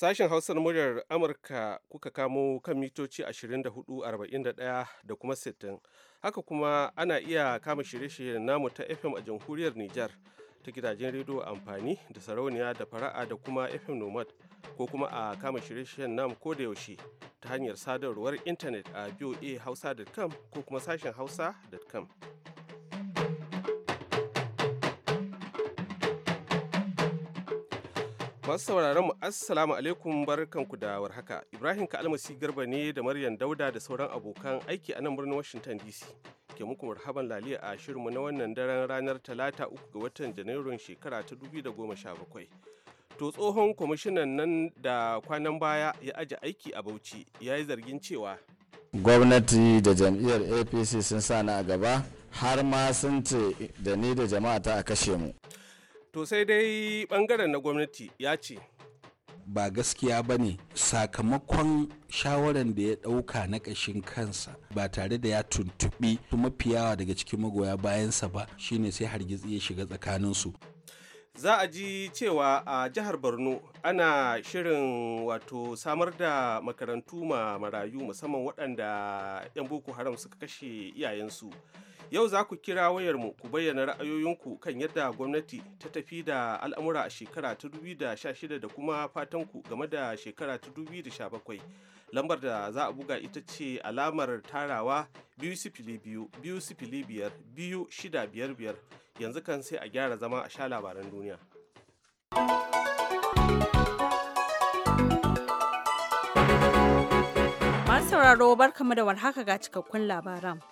Sashen Hausar muryar Amurka kuka kamo kan mitoci 24,41 da kuma 60. Haka kuma ana iya kama shirye-shiryen namu ta FM a jamhuriyar Nijar ta gidajen rediyo amfani da sarauniya da fara'a da kuma FM Nomad ko kuma a kama shirye-shiryen namu ko da yaushe ta hanyar sadarwar intanet a hausa.com ko kuma sashen hausa.com. Masu sauraron mu assalamu alaikum ku da warhaka. Ibrahim Kalmasi Garba ne da Maryam Dauda da sauran abokan aiki a nan birnin Washington DC. Ke muku marhaban laliya a shirinmu na wannan daren ranar Talata uku ga watan Janairun shekara ta da sha 2017. To tsohon kwamishinan nan da kwanan baya ya aji aiki a Bauchi ya yi zargin cewa gwamnati da jam'iyyar apc sun sa na a gaba har ma sun ce da ni da jama'a ta a kashe mu to sai dai bangaren na gwamnati ya ce ba gaskiya ba ne sakamakon shawaran da ya ɗauka na ƙashin kansa ba tare da ya tuntuɓi mafiyawa daga cikin magoya bayansa ba shine sai hargitsi ya shiga tsakaninsu za a ji cewa a jihar borno ana shirin wato samar da makarantu ma marayu musamman waɗanda 'yan boko haram suka kashe iyayensu yau za ku kira wayarmu ku bayyana ra'ayoyinku kan yadda gwamnati ta tafi da al'amura a shekara ta 2016 da kuma fatanku game da shekara ta 2017 lambar da za a buga ita ce alamar tarawa biyu sifili biyu biyu sifili biyar biyu shida biyar biyar yanzu kan sai a gyara zama a sha labaran duniya. Masu sauraro barkamu da warhaka ga cikakkun labaran.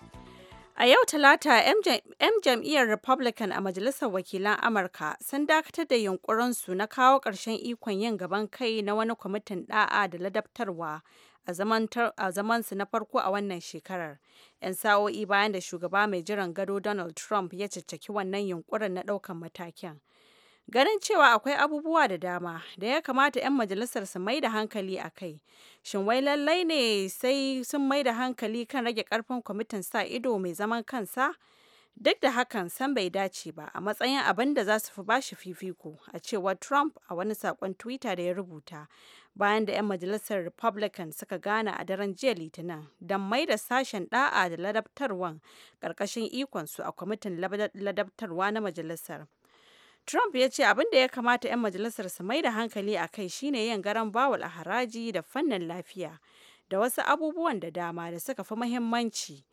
A yau Talata, 'yan jam'iyyar Republican a Majalisar Wakilan Amurka sun dakatar da yunkurinsu na kawo ƙarshen ikon yin gaban kai na wani kwamitin ɗa'a da ladabtarwa a zamansu na farko a wannan shekarar, 'yan sa'o'i bayan da shugaba mai jiran gado Donald Trump ya caccaki wannan yunkurin na ɗaukan matakin. Ganin cewa akwai abubuwa da dama da ya kamata 'yan majalisar su mai da hankali a kai, shin wai lallai ne sai sun mai da hankali kan rage karfin kwamitin sa ido mai zaman kansa? Duk da hakan san bai dace ba a matsayin abin da za su fi bashi fifiko, a cewar Trump a wani sakon Twitter da ya rubuta bayan da 'yan majalisar Republican suka gana a daren jiya Litinin don mai da sashen da'a da ladabtarwan ikon ikonsu a kwamitin ladabtarwa na majalisar. Trump ya ce abin da ya kamata 'yan majalisar su mai da hankali a kai shine yin garan bawul a haraji da fannin lafiya da wasu abubuwan da dama da suka fi muhimmanci.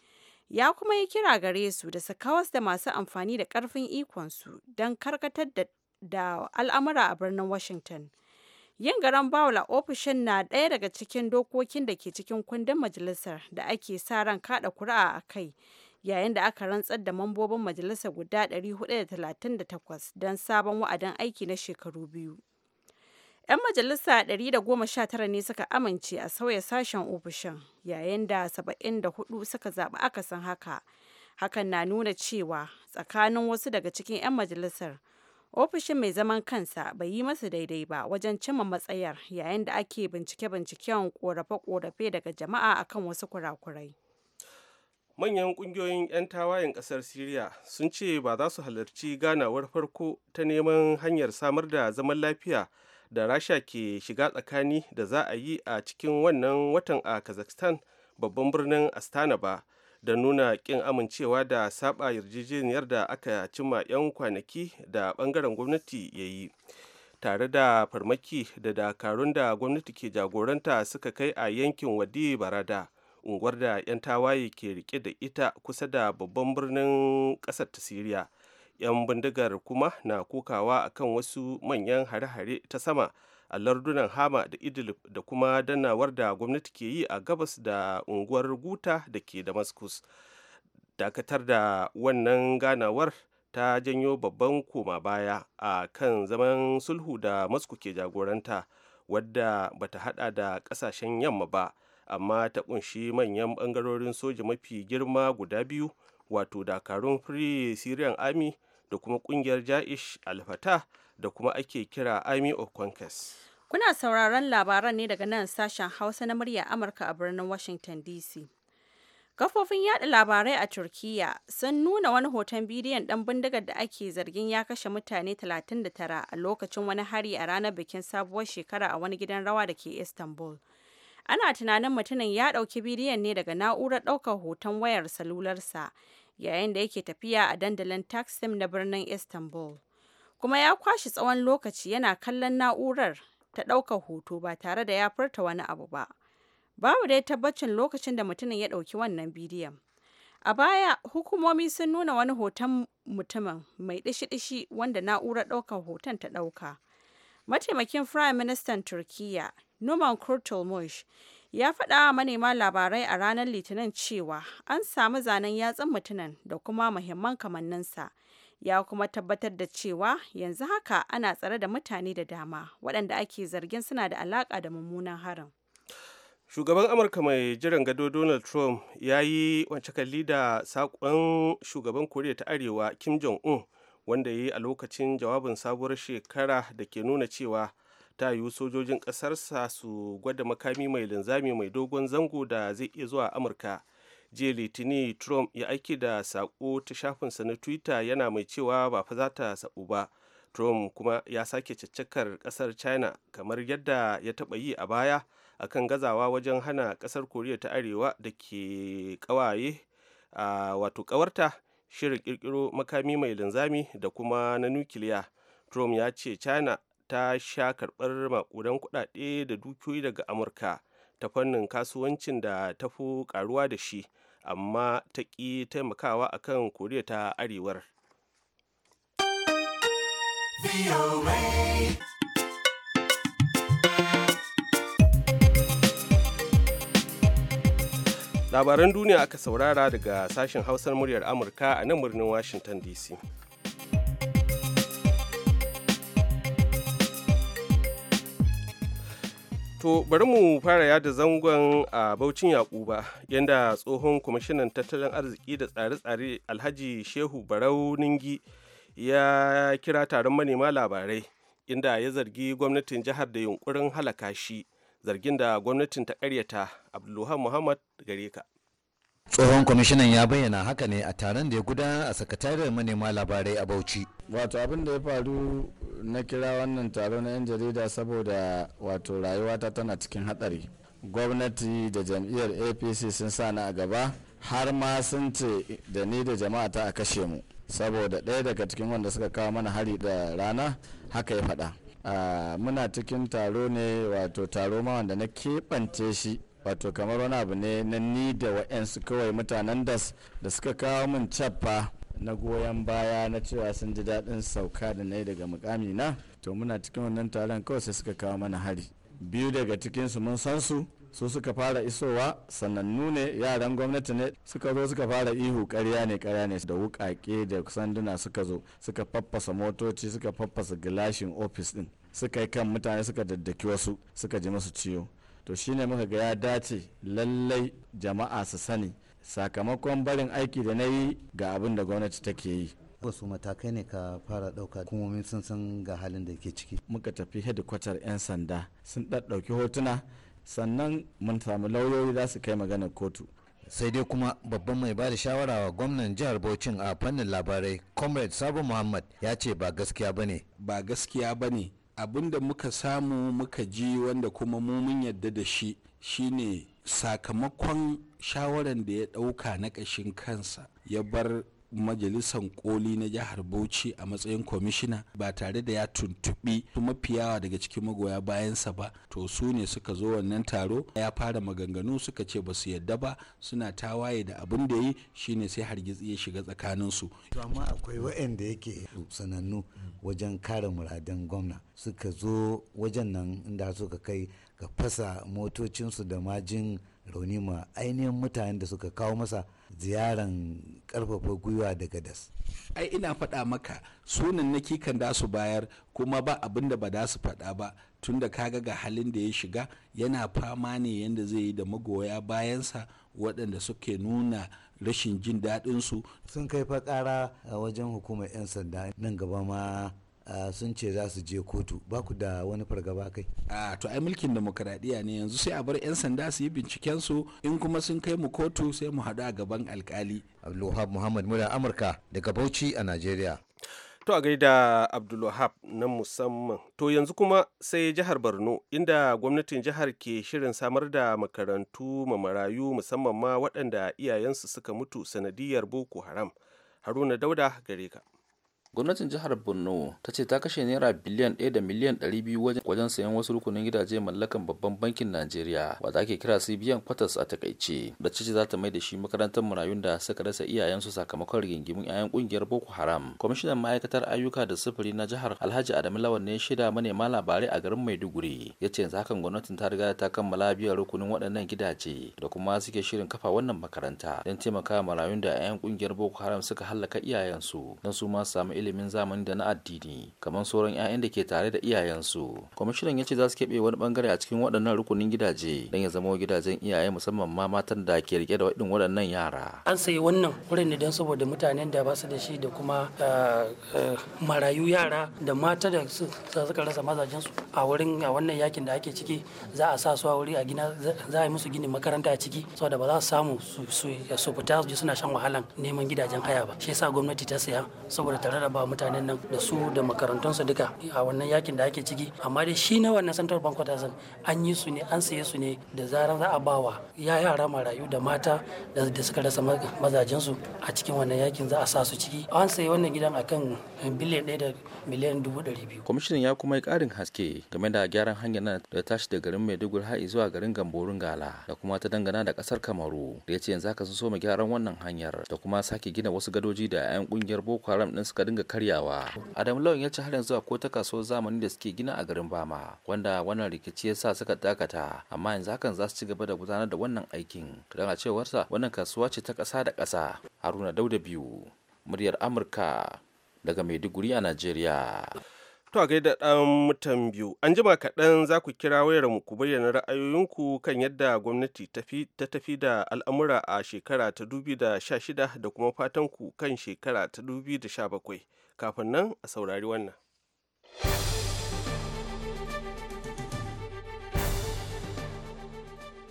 Ya kuma yi kira gare su da su kawas da masu amfani da karfin ikon su don karkatar da al'amura a birnin Washington. Yin garan bawul a ofishin na ɗaya daga cikin dokokin da ke cikin kundin majalisar da ake sa ran kaɗa kuri'a a kai yayin da aka rantsar da mambobin majalisar guda 438 don sabon wa'adin aiki na shekaru biyu. 'Yan majalisa 119 ne suka amince a sauya sashen ofishin yayin da 74 suka zaɓi akasin haka. Hakan na nuna cewa tsakanin wasu daga cikin 'yan majalisar ofishin mai zaman kansa bai yi masa daidai ba wajen cimma matsayar yayin da ake bincike-binciken korafe-korafe daga jama'a akan wasu kurakurai manyan kungiyoyin 'yan tawayen kasar syria sun ce ba za su halarci ganawar farko ta neman hanyar samar da zaman lafiya da rasha ke shiga tsakani da za a yi a cikin wannan watan a kazakhstan babban birnin astana ba da nuna ƙin amincewa da saba yarjejeniyar da aka cimma 'yan kwanaki da ɓangaren gwamnati ya yi tare da farmaki da dakarun da gwamnati ke jagoranta suka kai a yankin wadi barada unguwar da 'yan tawaye ke rike da ita kusa da babban birnin ƙasar ta siriya 'yan bindigar kuma na kokawa akan wasu manyan hare-hare ta sama a lardunan hama da idlib da kuma danawar da gwamnati ke yi a gabas da unguwar guta da ke damascus dakatar da wannan ganawar ta janyo babban koma baya a kan zaman sulhu da masku ke jagoranta wadda bata hada da kasashen yamma ba amma ta kunshi manyan bangarorin soja mafi girma guda biyu wato dakarun free syrian army da kuma kungiyar ja'ish alfata da kuma ake kira army of conquest kuna sauraron labaran ne daga nan sashen hausa na murya amurka a birnin washington dc Kafofin yada labarai a Turkiyya sun nuna wani hoton bidiyon dan bindigar da ake zargin ya kashe mutane 39 a lokacin wani hari a ranar bikin sabuwar shekara a wani gidan rawa da ke Istanbul. Ana tunanin mutumin ya ɗauki bidiyon ne daga na'urar ɗaukar hoton wayar salularsa yayin da yake tafiya a dandalin Taksim na birnin Istanbul. Kuma ya kwashe tsawon lokaci yana kallon na'urar ta ɗaukar hoto ba tare da ya furta wani abu ba. Babu dai tabbacin lokacin da mutumin ya ɗauki wannan bidiyon. A baya, hukumomi sun nuna wani hoton mutumin mai ɗishi-ɗishi wanda na'urar ɗaukar hoton ta ɗauka. Mataimakin Firayim Ministan Turkiyya, Numan Kurtulmush, ya faɗa wa manema labarai a ranar litinin cewa an samu zanen yatsun mutumin da kuma muhimman kamanninsa ya kuma tabbatar da cewa yanzu haka ana tsare da mutane da dama waɗanda ake zargin suna da alaƙa da mummunan harin shugaban amurka mai jiran gado donald trump ya yi wance kalli da saƙon shugaban koriya ta arewa kim jong-un wanda ya yi a lokacin jawabin sabuwar shekara da ke nuna cewa ta yiwu sojojin ƙasarsa su gwada makami mai linzami mai dogon zango da zai iya zuwa amurka jiya litini trump ya aiki da saƙo ta shafinsa na twitter yana mai cewa ba fa za ta saɓu ba trump kuma ya sake caccakar ƙasar china kamar yadda ya taɓa yi a baya akan gazawa wajen hana ƙasar koriya ta arewa da ke ƙawaye a wato ƙawarta shirin ƙirƙiro makami mai linzami da kuma na nukiliya trump ya ce china ta sha karɓar maƙudan kuɗaɗe da dukiyoyi daga amurka ta fannin kasuwancin da ta fi ƙaruwa da shi amma ta ƙi taimakawa a kan koriya ta arewar labaran duniya aka saurara daga sashen hausar muryar amurka a nan birnin washington dc To bari mu fara yada zangon a Baucin Yakuba yadda tsohon kwamishinan tattalin arziki da tsare-tsare Alhaji Shehu Barau Ningi ya kira taron manema labarai inda ya zargi gwamnatin jihar da yunkurin halaka shi zargin da gwamnatin ta karyata Abdulluhan Muhammad gare ka. tsohon kwamishinan ya bayyana haka ne a taron da ya gudanar a sakatariyar manema labarai a bauchi wato abin da ya faru na kira wannan taro na 'yan jarida saboda wato rayuwata tana cikin hatsari gwamnati da jam'iyyar apc sun sa ni a gaba har ma sun ce da ni da jama'a ta a kashe mu saboda ɗaya daga cikin wanda suka kawo mana hari da rana haka ya faɗa ah, muna cikin taro ne wato taro ma wanda na keɓance shi wato kamar wani abu ne na ni da wa'yansu kawai mutanen das da suka kawo min cappa na goyon baya na cewa sun ji daɗin sauka da na daga mukami na to muna cikin wannan taron kawai sai suka kawo mana hari biyu daga cikinsu mun san su su suka fara isowa sanannu ne yaran gwamnati ne suka zo suka fara ihu karya ne karya ne da wukake da sanduna suka zo suka faffasa motoci suka faffasa gilashin ofis din suka yi kan mutane suka daddaki wasu suka ji musu ciwo to shine muka ga ya dace lallai jama'a su sani sakamakon barin aiki da na yi ga abin da gwamnati take yi wasu matakai ne ka fara ɗauka hukumomin sun san ga halin da ke ciki muka tafi hedikwatar 'yan sanda sun ɗaɗɗauki hotuna sannan mun samu lauyoyi za su kai maganar kotu sai dai kuma babban mai ba da shawara wa gwamnan jihar Bauchin a fannin labarai comrade sabu muhammad ya ce ba gaskiya ba ne ba gaskiya ba ne abin da muka samu muka ji wanda kuma mumin yadda da shi shine sakamakon shawaran da ya ɗauka na ƙashin kansa ya bar majalisar koli na jihar bauchi a matsayin kwamishina ba tare da ya tuntubi mafiyawa daga cikin magoya bayansa ba to su ne suka zo wannan taro ya fara maganganu suka ce ba su yadda ba suna tawaye da abin da yi shine sai hargitsi ya shiga tsakaninsu to amma akwai wa'anda yake sanannu wajen kare muradan gwamna suka zo wajen nan inda suka kai ga fasa motocinsu da majin rauni ma ainihin mutanen da suka kawo masa ziyaran karfafa gwiwa daga das ai ina faɗa maka sunan na kikan da su bayar kuma ba abin da ba da su faɗa ba tun da kaga ga halin da ya shiga yana fama ne yadda zai yi da magoya bayansa waɗanda suke nuna rashin jin daɗinsu sun kai fa ƙara wajen hukumar 'yan sanda nan gaba ma sun ce za su je kotu ba ku da wani fargaba kai a to ai mulkin demokradiya ne yanzu sai a bar 'yan sanda su yi binciken su in kuma sun kai mu kotu sai mu haɗu a gaban alkali abdulwahab muhammad muna amurka daga bauchi a najeriya to a gaida abdulwahab na musamman to yanzu kuma sai jihar borno inda gwamnatin jihar ke shirin samar da makarantu ma marayu musamman ma waɗanda iyayensu suka mutu sanadiyar boko haram haruna dauda gare ka gwamnatin jihar borno ta ce ta kashe naira biliyan ɗaya da miliyan biyu wajen sayan wasu rukunin gidaje mallakan babban bankin najeriya wadda ake kira cbn quarters a takaice da ce za ta mai da shi makarantar marayun da suka rasa su sakamakon rigingimin 'ya'yan kungiyar boko haram kwamishinan ma'aikatar ayyuka da sufuri na jihar alhaji adamu lawan ne shida manema labarai a garin maiduguri ya ce yanzu hakan gwamnatin ta riga ta kammala biyan rukunin waɗannan gidaje da kuma suke shirin kafa wannan makaranta don taimaka marayun da 'ya'yan kungiyar boko haram suka hallaka iyayensu don su ma samu ilimin zamani da na addini kamar sauran 'ya'yan da ke tare da iyayensu kwamishinan ya ce za su keɓe wani bangare a cikin waɗannan rukunin gidaje don ya zama gidajen iyaye musamman ma matan da ke rike da waɗin waɗannan yara an sayi wannan wurin ne don saboda mutanen da ba su da shi da kuma eh, eh, marayu yara da mata da su suka rasa mazajensu a wurin a wannan yakin da ake ciki za a sa su a wuri a gina za a yi musu gini makaranta a ciki saboda ba za su samu su fita su suna shan wahalan neman gidajen haya ba shi yasa gwamnati ta saya saboda tare da ba mutanen nan da su da makarantunsu duka a wannan yakin da ake ciki amma dai shi na wannan central bank kwatasan an yi su ne an saye su ne da zarar za a bawa ya yara marayu da mata da suka rasa mazajensu a cikin wannan yakin za a sa su ciki an sayi wannan gidan akan biliyan ɗaya da miliyan dubu ɗari biyu. kwamishinan ya kuma yi ƙarin haske game da gyaran hanyar nan da tashi da garin maiduguri har zuwa garin gamborin gala da kuma ta dangana da ƙasar kamaru da ya ce yanzu haka sun so mu gyaran wannan hanyar da kuma sake gina wasu gadoji da 'yan ƙungiyar boko haram ɗin suka dinga karyawa adam lawan ya ci har yanzu ko ta kasuwar zamani da suke gina a garin bama wanda wannan rikici ya sa suka dakata amma yanzu hakan za su ci gaba da gudanar da wannan aikin don a cewarsa wannan kasuwa ce ta kasa da kasa haruna dauda biyu muryar amurka daga maiduguri a najeriya To a gaida ɗan mutan biyu, an jima kaɗan za ku kira wayarmu ku bayyana ra'ayoyinku kan yadda gwamnati ta tafi da al'amura a shekara ta dubi da da kuma fatan ku kan shekara ta 2017. Kafin nan a saurari wannan.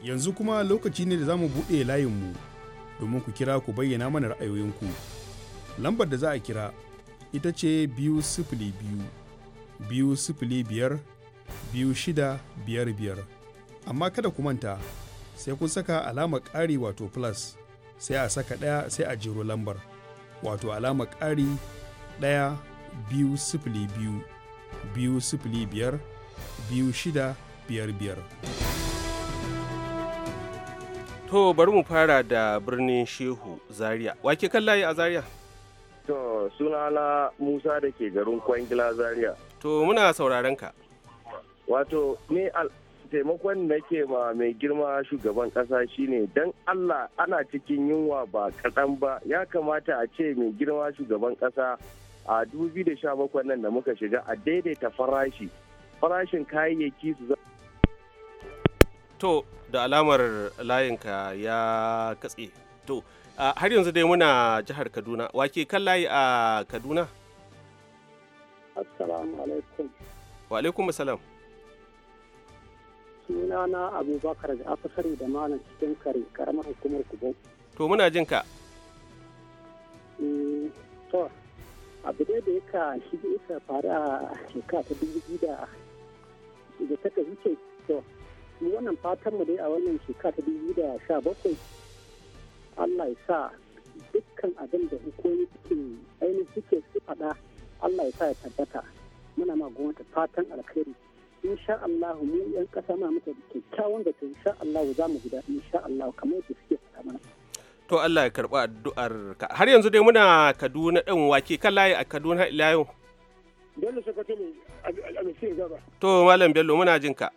Yanzu kuma lokaci ne da za mu buɗe layinmu domin ku kira ku bayyana mana ra'ayoyinku. Lambar da za a kira ita ce biyu sifili biyu biyu sifili biyar biyu shida biyar biyar amma kada ku manta sai kun saka alamar ƙari wato plus sai a saka ɗaya sai a jiro lambar wato alamar ƙari ɗaya biyu sifili biyu biyu sifili biyar biyu shida biyar biyar. To bari mu fara da birnin Shehu Zaria. Wake kan layi a Zaria? To sunana Musa da ke garin Kwangila Zaria. To muna sauraron ka. Wato ni taimakon da ke ma mai girma shugaban kasa shine dan Allah ana cikin yunwa ba kaɗan ba ya kamata a ce mai girma shugaban kasa a 2017 nan da muka shiga a daidaita farashi farashin kayayyaki su za to da alamar layinka ya katse to har yanzu dai muna jihar kaduna wake kan layi a kaduna Assalamu alaikum. Wa alaikum salam. Sunana Abubakar da aka sani da malam cikin kare karamar hukumar Kubo. To muna jin ka. Mm, to, abu da ya ka shi da ita faru a shekara ta dubu biyu da da ta wuce to mu wannan fatan mu dai a wannan shekara ta dubu biyu da sha bakwai Allah ya sa dukkan abin da hukumomi suke ainihin suke su faɗa Allah ya sa ya tabbata muna ma gwamnati fatan alkhairi insha Allah mu yan kasa ma muke kyakkyawan da ta insha Allah za mu gida insha Allah kamar yadda suke faɗa mana to Allah ya karɓi addu'ar ka har yanzu dai muna Kaduna ɗan wake kan layi a Kaduna ila yau Bello Sokoto ne a Gaba to malam Bello muna jin ka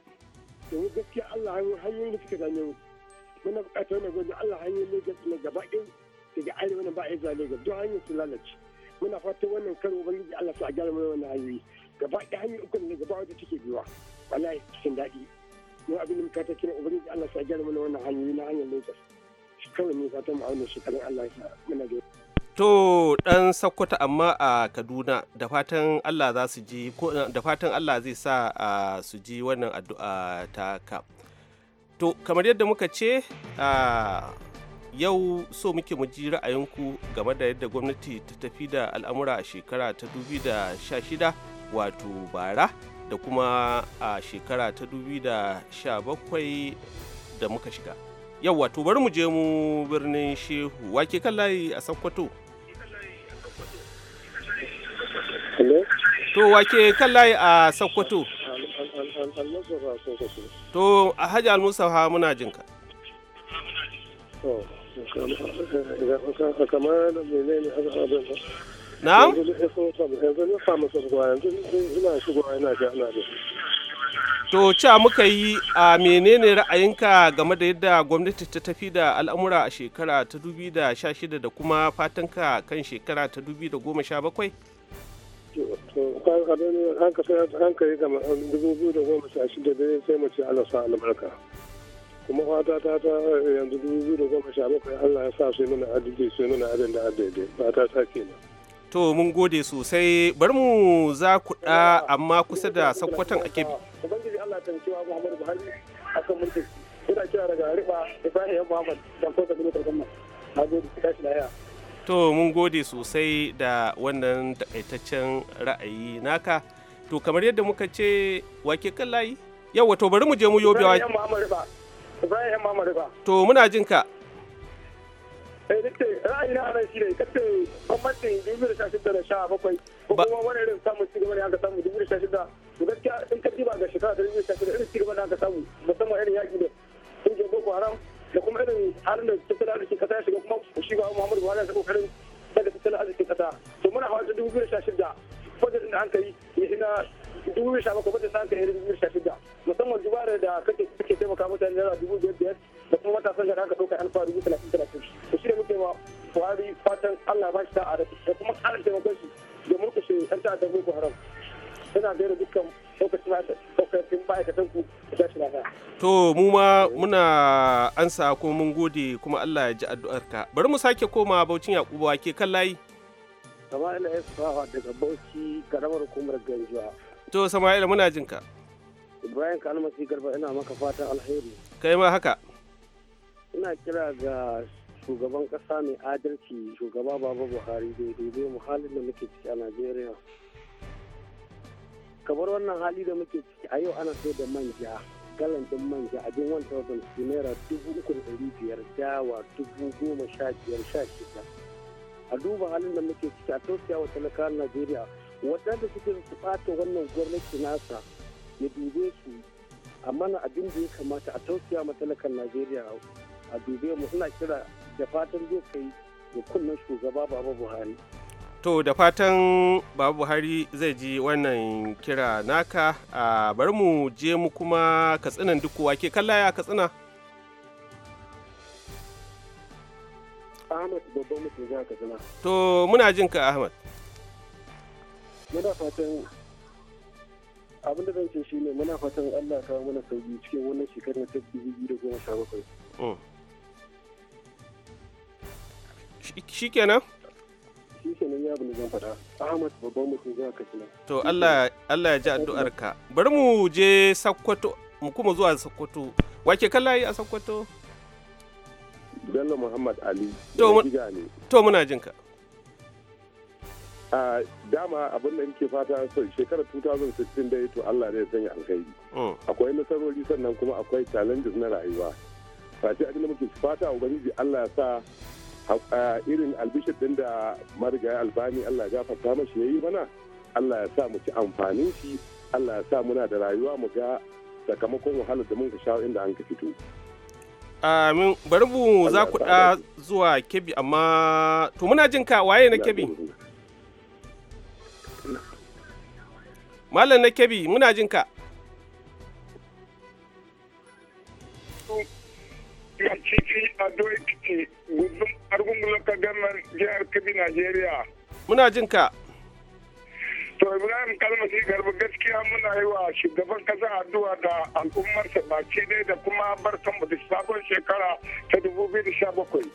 to gaskiya Allah ya hanyoyin da suka zame mu muna bukatar ne gobe Allah hanyoyin da gaba ɗin daga arewa ne ba a yi zane ga duk hanyar su lalace muna fatan wannan karo yi Allah su a gyara mana wannan hanyoyi gaba da hanyar uku ne gaba wata take biyuwa wallahi cikin daɗi mu abin da muka ta kira ubangiji Allah su a gyara mana wannan hanyoyi na hanyar Lagos kawai ne fatan mu auna shekarun Allah ya muna da To ɗan Sokoto amma a Kaduna da fatan Allah za su ji ko da fatan Allah zai sa su ji wannan addu'a ta ka. To kamar yadda muka ce yau so muke mu ji ra'ayinku game da yadda gwamnati ta tafi da al'amura a shekara ta 2016 wato bara da kuma a shekara ta 2017 da muka shiga yau wato bari mu je mu birnin shehu wake kan layi a sakkwato to wake kan layi a sakkwato to a hajji almusa muna jinka kamar to ca muka yi a menene ra'ayinka game da yadda gwamnati ta tafi da al'amura a shekara ta dubi da sha shida da kuma fatanka kan shekara ta dubi da goma sha bakwai? sai mace alasa albarka kuma fata ta ta eh, yanzu dubu biyu da goma sha bakwai allah ya sa su yi mana adalci su yi mana adalci da adalci fata ta kenan to mun gode sosai bari mu za ku ɗa amma kusa da sakkwatan ake bi ubangiji allah ta cewa muhammadu buhari a kan mulki ina kira daga riba ibrahim muhammad da ko da ministan gwamnati na gode tashi lafiya to mun gode sosai da wannan takaitaccen ra'ayi naka to kamar yadda muka ce wake kan layi yawa to bari mu je mu yobe wa Ibrahim Muhammadu ba. To muna jin ka. Eh duk ra'ayi na nan shi ne kace gwamnatin 2016 da sha bakwai. Ba kuma wani irin samu samun cigaba ne aka samu 2016 da gaskiya in ka diba ga shekara da 2016 irin cigaba ne aka samu musamman irin yaki da kungiyar Boko Haram da kuma irin halin da tattalin arziki kasa ya shiga kuma shi ga Muhammadu Buhari ya kokarin daga tattalin arziki kasa to muna hawa da 2016 budgetin da an kai na 2017 budgetin da an kai 2016 musamman da kake kake taimaka mutane da dubu biyar biyar da kuma matasan da aka ɗauka yan fara dubu talatin talatin to shi ne muke ma fari fatan allah ba shi ta'a da kuma ƙara taimakon shi da murkushe yan da boko haram yana gaira dukkan lokacin lokacin ma'aikatan ku da shi na to mu ma muna ansa kuma mun gode kuma allah ya ji addu'arka bari mu sake koma baucin yakubu ke kan layi Sama'ila Esfawa daga Bauchi, karamar hukumar Ganjuwa. To Sama'ila muna jinka. ka almasi Garba ina maka fatan alheri. Kai ma haka. Ina kira ga shugaban kasa mai adalci shugaba Baba Buhari da dube mu halin da muke ciki a Najeriya. Kabar wannan hali da muke ciki a yau ana sai da manja. galan din manja a din 1000 naira 3500 dawa dubu goma sha biyar sha shida a duba halin da muke ciki a tausaya wa talakawan najeriya waɗanda suke su ɓata wannan gwamnati nasa ya dube su amma na abin da ya kamata a tausaya ma talakan najeriya a dube mu suna kira da fatan zai kai da kunnen shugaba baba buhari to da fatan babu buhari zai ji wannan kira naka a bari mu je mu kuma katsinan duk kowa ke kalla ya katsina ahmad babban mutum jihar katsina to muna jin ka ahmad muna fatan abin da zan ce shi ne muna fatan allah kawo mana sauki cikin wannan shekarar ta biyu da goma sha bakwai oh. shi kenan shi kenan ya bani zan faɗa ahmad babban mutum zuwa katsina to allah ya ji addu'ar ka bari mu je sakkwato mu kuma zuwa sakkwato wake kala yi a sakkwato bello muhammad ali to muna jinka a dama abin da nake fata so shekarar 2016 dai to Allah ya sanya alkhairi oh. akwai nasarori sannan kuma akwai challenges na rayuwa face a da muke fata ubangiji Allah ya sa irin albishir din da marigaya albani Allah ya gafarta mashi yayi mana Allah ya sa mu ci amfanin shi Allah ya sa muna da rayuwa mu ga sakamakon wahalar da mun ka shawo inda an ka fito Amin, bari mu za ku da zuwa kebi amma to muna jinka waye na kebi? Malam na kebi muna jin ka. jihar Najeriya. Muna jin ka. To Ibrahim Kalmasi Garba gaskiya muna yi wa shugaban kasa addu'a da al'ummarsa ce dai da kuma barkan mu da sabon shekara ta 2017.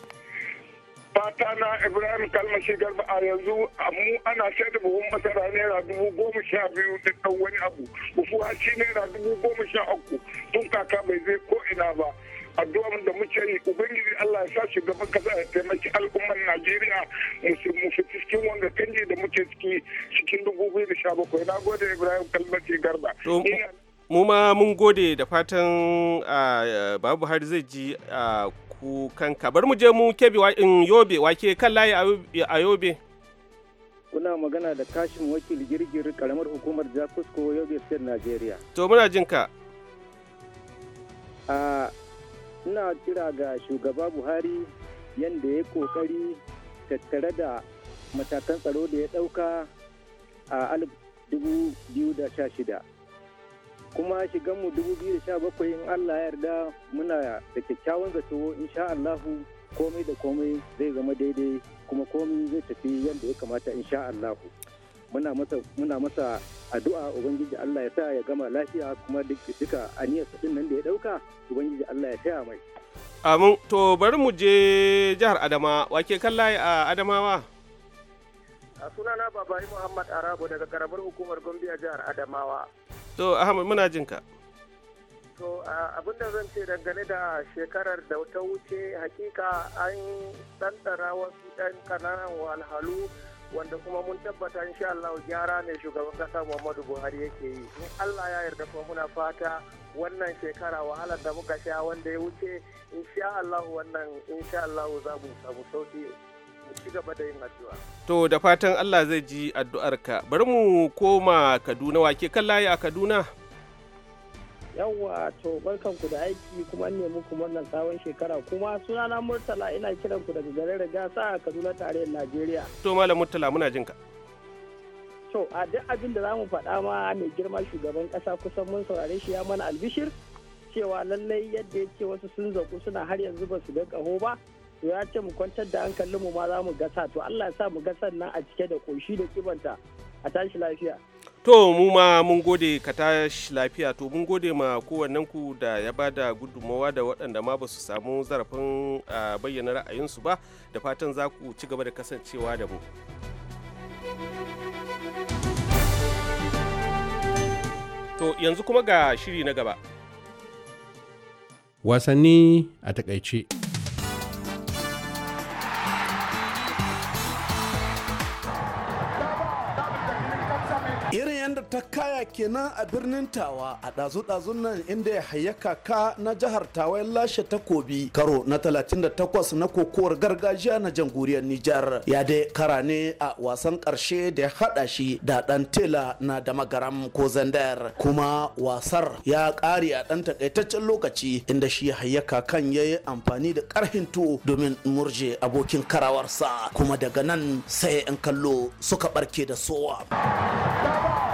fata na ibrahim kalmashi garba a yanzu mu ana sai da buhun masara naira dubu goma sha biyu da ɗan wani abu bufu hashi naira dubu goma sha uku tun kaka bai zai ko ina ba addu'ar da muke yi ubangiji Allah ya sa shi shugaban kasa ya taimaki al'ummar Najeriya mu cikin wanda kanji da muke ciki cikin dubu biyu da sha bakwai na gode Ibrahim kalmashi Garba mu ma mun gode da fatan ah, babu har zai ji ah, Ku kanka bari mu je mu kebi in yobe wake kan layi a yobe kuna magana da kashin wakil girgir karamar hukumar jakusko yobe state nigeria to muna jin ka a ina kira ga shugaba buhari yadda ya kokari tattare da matakan tsaro da ya dauka a 2016 kuma shigan mu bakwai in Allah ya yarda muna da kyakkyawan zato insha Allahu komai da komai zai zama daidai kuma komai zai tafi yadda ya kamata insha Allahu muna masa muna masa addu'a ubangiji Allah ya sa ya gama lafiya kuma duk duka aniyar din nan da ya dauka ubangiji Allah ya taya mai amin to bari mu je jihar Adama wake kallaye a Adamawa a sunana babayi Muhammad Arabo daga karamar hukumar Gombe a jihar Adamawa To Ahmad muna jin ka. To abin da zan ce dangane da shekarar da ta wuce hakika an ɗanɗara wasu ɗan kananan walhalu wanda kuma mun tabbata insha Allah gyara ne shugaban kasa Muhammadu Buhari yake yi. In Allah ya yarda kuma muna fata wannan shekara wahalar da muka sha wanda ya wuce insha Allah wannan insha Allah za mu samu sauki ci To da fatan Allah zai ji addu'arka. Bari mu koma Kaduna wake kan layi a Kaduna. Yawwa to barkan ku da aiki kuma an nemi ku wannan sabon shekara kuma sunana Murtala ina kiran ku daga garin Gasa a Kaduna tarayyar Najeriya. To Malam Murtala muna jin ka. To a duk abin da za mu faɗa ma mai girma shugaban ƙasa kusan mun saurare shi ya mana albishir cewa lallai yadda ya ce wasu sun zaku suna har yanzu ba su ga kaho ba to ya ce mu kwantar da hankalin mu ma za mu gasa to Allah ya sa mu gasar nan a cike da koshi da kibanta a tashi lafiya to mu ma mun gode ka tashi lafiya to mun gode ma kowannen ku da ya bada gudummawa da waɗanda ma ba su samu zarafin bayyana ra'ayinsu ba da fatan za ku ci gaba da kasancewa da mu to yanzu kuma ga shiri na gaba wasanni a takaice yadda ta kaya kenan a birnin tawa a ɗazu-ɗazun nan inda ya hayyaka ka na jihar tawa ya lashe takobi karo na 38 na kokowar gargajiya na jamhuriyar nijar ya dai kara ne a wasan ƙarshe da ya haɗa shi da ɗan tela na da magaram ko zandar kuma wasar ya ƙare a ɗan takaitaccen lokaci inda shi ya hayyaka kan ya yi amfani da ƙarhin to domin murje abokin karawarsa kuma daga nan sai 'yan kallo suka ɓarke da sowa.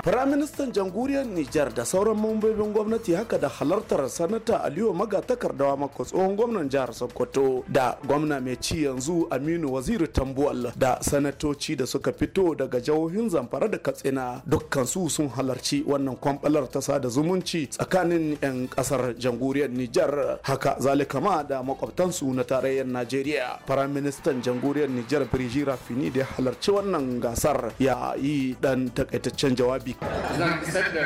Firaministan jamhuriyar Nijar da sauran mambobin gwamnati haka da halartar sanata Aliyu Maga takardawa maka tsohon gwamnan jihar Sokoto da gwamna mai ci yanzu Aminu Waziri Tambuwal da sanatoci da suka fito daga jihohin Zamfara da Katsina dukkan su sun halarci wannan kwamfalar ta sada zumunci tsakanin 'yan kasar jamhuriyar Nijar haka zalika ma da makwabtansu na tarayyar Najeriya. Firaministan jamhuriyar Nijar Birji Rafini da ya halarci wannan gasar ya yi dan takaitaccen jawabi zan isar da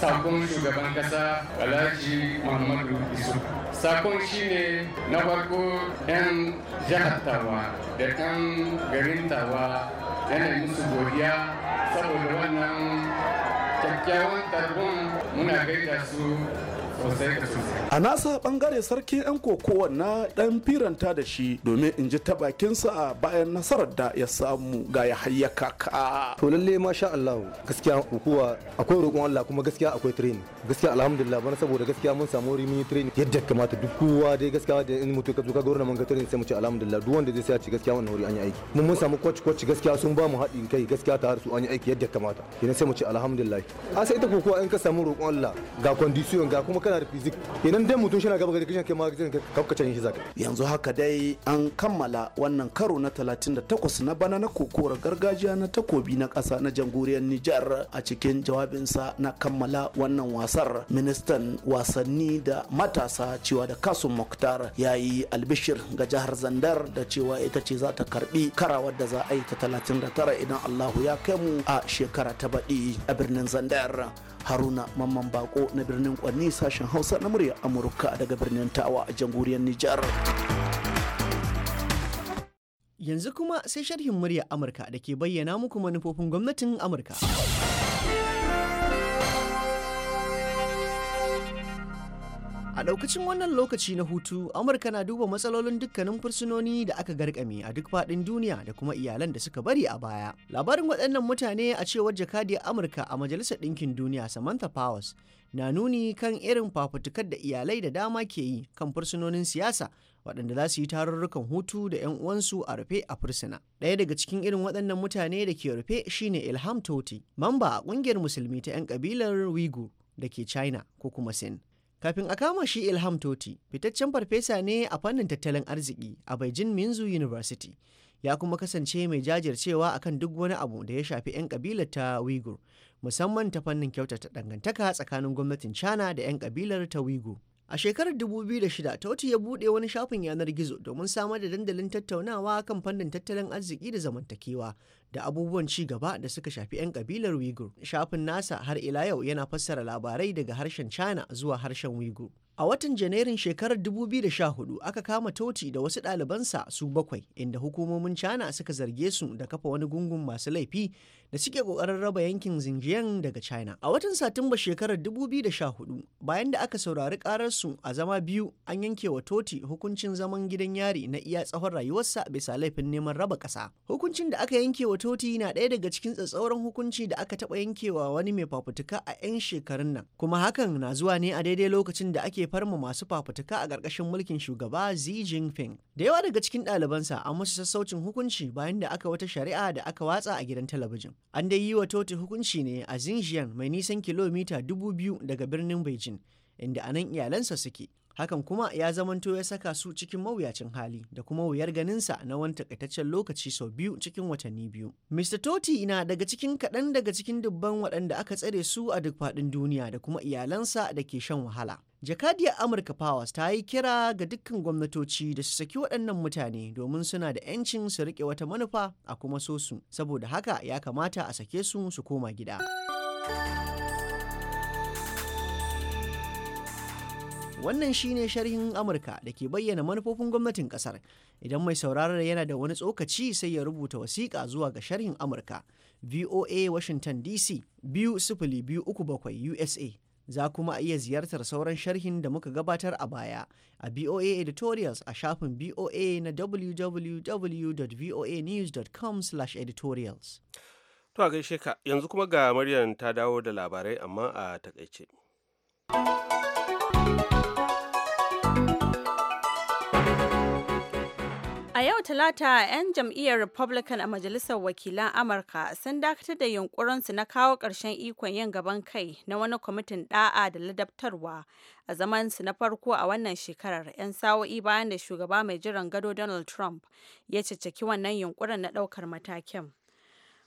sakon shugaban kasa alhaji muhammadu isu sakon shine na farko 'yan jihar tawa da kan garin tawa yana musu godiya saboda wannan kyakkyawan tarbon muna gaida su A nasa bangare sarki 'yan kokowa na dan firanta da shi domin in ji ta bakinsa a bayan nasarar da ya samu ga ya hayyaka ka. To lalle masha Allah gaskiya kokowa akwai roƙon Allah kuma gaskiya akwai training. Gaskiya alhamdulillah bana saboda gaskiya mun samu wuri training yadda kamata duk kowa dai gaskiya da in mutu ka zo ka ga wannan ka training sai mu ce alhamdulillah duk wanda zai sai ci gaskiya wannan wuri an yi aiki. Mun mun samu coach coach gaskiya sun ba mu haɗin kai gaskiya tare su an yi aiki yadda kamata. Idan sai mu ce alhamdulillah. A sai ita kokowa in ka samu roƙon Allah ga condition ga kuma kana yana da fizik idan dai mutum shi gaba kishin magajin shi zaka yanzu haka dai an kammala wannan karo na 38 na bana na kokowar gargajiya na takobi na kasa na jamhuriyar Nijar a cikin jawabinsa na kammala wannan wasar ministan wasanni da matasa cewa da kasu Muktar ya yi albishir ga jihar Zandar da cewa ita ce za ta karbi karawar da za a yi ta 39 idan Allahu ya kai mu a shekara ta baɗi a birnin Zandar. haruna mamman bako na birnin kwanni sashen hausa na murya amurka daga birnin tawa a jamhuriyar nijar yanzu kuma sai sharhin murya amurka da ke bayyana muku manufofin gwamnatin amurka A ɗaukacin wannan lokaci na hutu, Amurka na duba matsalolin dukkanin fursunoni da aka garkame a duk faɗin duniya da kuma iyalan da suka bari a baya. Labarin waɗannan mutane a cewar jakadiyar Amurka a Majalisar Ɗinkin Duniya Samantha Powers na nuni kan irin fafutukar da iyalai da dama ke yi kan fursunonin siyasa waɗanda za su yi tarurrukan hutu da 'yan uwansu a rufe a fursuna. Ɗaya daga cikin irin waɗannan mutane da ke rufe shine Ilham Toti, mamba a ƙungiyar musulmi ta 'yan ƙabilar Uyghur da ke China ko kuma Sin. Kafin a kama shi Ilham Toti, fitaccen farfesa ne a fannin tattalin arziki a Beijing Minzu University. Ya kuma kasance mai jajircewa akan duk wani abu da ya shafi 'yan kabilar ta Uyghur, musamman ta fannin kyautata dangantaka tsakanin gwamnatin China da 'yan kabilar ta Uyghur. A shekarar 2006, Tauti ya buɗe wani shafin yanar gizo domin samar da dandalin tattaunawa kan fannin tattalin arziki da zamantakewa da abubuwan ci gaba da suka shafi 'yan kabilar Uyghur. Shafin nasa har ila yau yana fassara labarai daga harshen China zuwa harshen Uyghur. A watan Janairun shekarar 2014 aka kama Toti da wasu ɗalibansa su bakwai inda hukumomin China suka zarge su da kafa wani gungun masu laifi da suke kokarin raba yankin Xinjiang daga China. A watan Satumba shekarar 2014 bayan da aka saurari ƙararsu a zama biyu an yanke wa Toti hukuncin zaman gidan yari na iya tsawon rayuwarsa bisa laifin neman raba ƙasa. Hukuncin da aka yanke wa Toti na ɗaya daga cikin tsatsauran hukunci da aka taɓa yankewa wani mai fafutuka a 'yan shekarun nan kuma hakan na zuwa ne a daidai lokacin da ake jefar mu masu fafutuka a ƙarƙashin mulkin shugaba Xi Jinping. Da yawa daga cikin ɗalibansa an musu sassaucin hukunci bayan da aka wata shari'a da aka watsa a gidan talabijin. An dai yi wa Toti hukunci ne a Xinjiang mai nisan kilomita dubu biyu daga birnin Beijing, inda anan iyalansa suke. Hakan kuma ya zamanto ya saka su cikin mawuyacin hali da kuma wuyar ganinsa na wani takaitaccen lokaci sau biyu cikin watanni biyu. Mr. Toti na daga cikin kaɗan daga cikin dubban waɗanda aka tsare su a duk faɗin duniya da kuma iyalansa da ke shan wahala. jakadiyar amurka powers ta yi kira ga dukkan gwamnatoci da su saki waɗannan mutane domin suna da 'yancin su riƙe wata manufa a kuma so su saboda haka ya kamata a sake su su koma gida wannan shine sharhin amurka da ke bayyana manufofin gwamnatin kasar idan mai sauraron yana da wani tsokaci sai ya rubuta wasiƙa zuwa ga sharhin amurka voa washington dc biyu usa za kuma a iya ziyartar sauran sharhin da muka gabatar a baya a BOA editorials a shafin BOA na www.voanews.com/editorials. To a gaishe ka yanzu kuma ga Maryam ta dawo da labarai amma a takaice. Talata, 'yan jam'iyyar Republican a Majalisar Wakilan Amurka sun dakatar da yunkurinsu na kawo ƙarshen ikon yin gaban kai na wani kwamitin ɗa'a da ladabtarwa a su na farko a wannan shekarar 'yan sa'o'i bayan da shugaba mai jiran gado Donald Trump ya caccaki wannan yunkurin na ɗaukar matakin.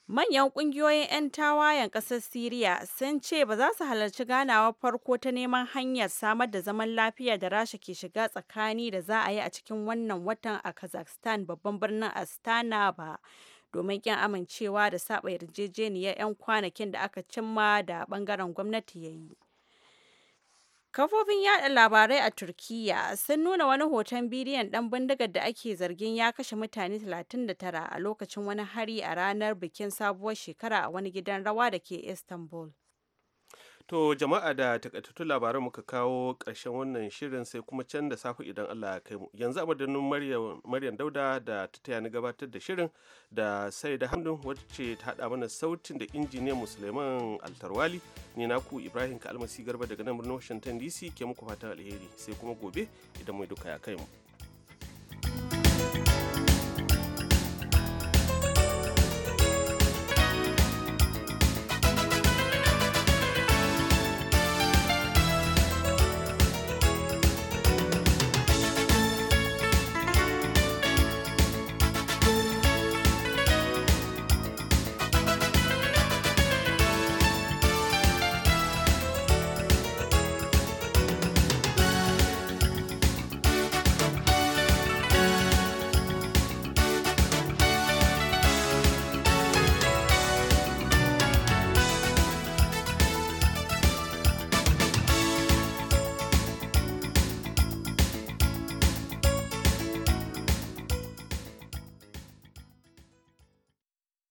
Manyan ƙungiyoyin 'yan tawayen ƙasar Siriya sun ce ba za su halarci ganawar farko ta neman hanyar samar da zaman lafiya da Rasha ke shiga tsakani da za a yi a cikin wannan watan a Kazakhstan babban birnin Astana ba, domin ƙin amincewa da saba yarjejeniyar 'yan kwanakin da aka cimma da ɓangaren gwamnati ya yi. Kafofin yaɗa labarai a Turkiyya sun nuna wani hoton bidiyon ɗan bindigar da ake zargin ya kashe mutane 39 a lokacin wani hari a ranar bikin Sabuwar Shekara a wani gidan rawa da ke Istanbul. To jama'a da takaitattun labaran muka kawo karshen wannan shirin sai kuma can da safe idan Allah ya kai mu. Yanzu a madadin Maryam Dauda da ta taya ni gabatar da shirin da sai da hamdun wacce ta haɗa mana sautin da injiniyan Musulman Altarwali ne naku Ibrahim Kalmasi Garba daga nan birnin Washington DC ke muku fatan alheri sai kuma gobe idan mai duka ya kai mu.